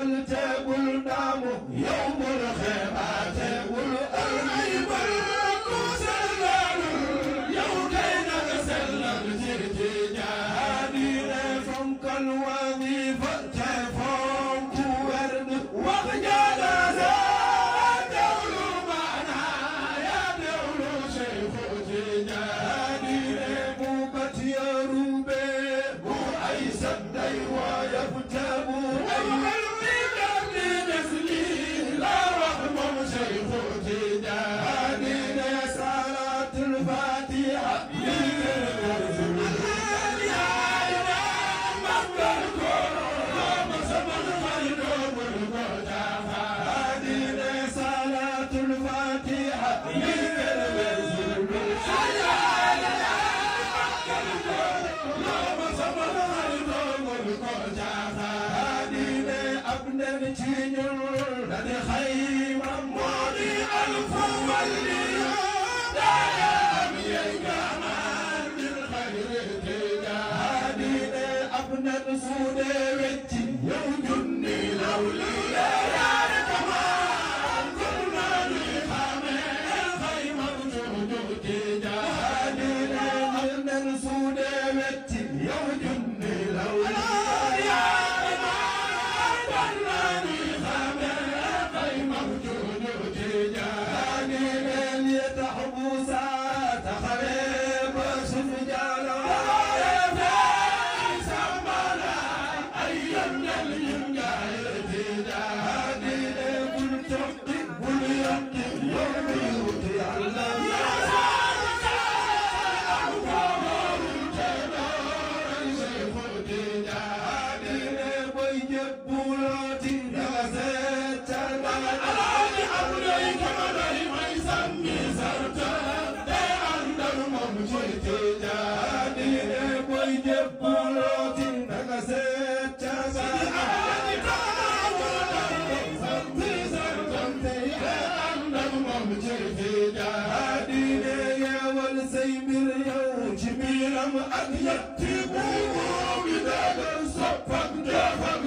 bul te bul daamu yow bul xeebaate لدي خير ماضي القوى اللي I'm ad yettibu gider sokak cahak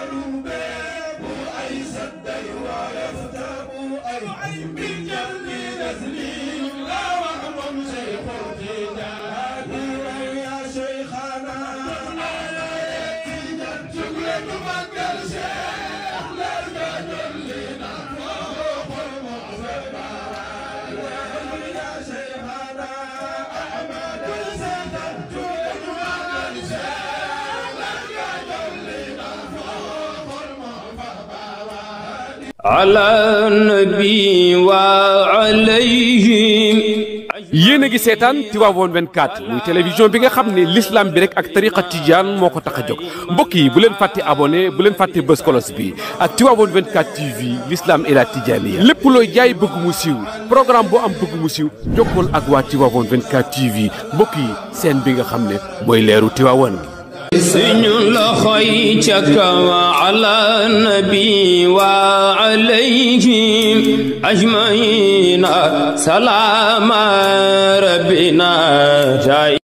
قالوا بابو أي سد ويفتح أي من بالجنب نزلي ala nabi wa alayhim yéen a ngi seetaan Tivaouane 24 muy télévision bi nga xam ne l'islam bi rek ak tariqa tijaan moo ko tax a jóg mbokk yi bu leen fàtte abone bu leen fàtte bës kolos bi ak Tivaouane 24 TV l'islam et la tijaaniya lépp looy jaay bëgg mu siiw programme boo am bëgg mu siiw jokkool ak waa Tivaouane 24 TV mbokk yi seen bi nga xam ne mooy leeru Tivaouane gi suñu loxoy ca kaw ala nabi wa عليهم أجمعين سلام ربنا جاي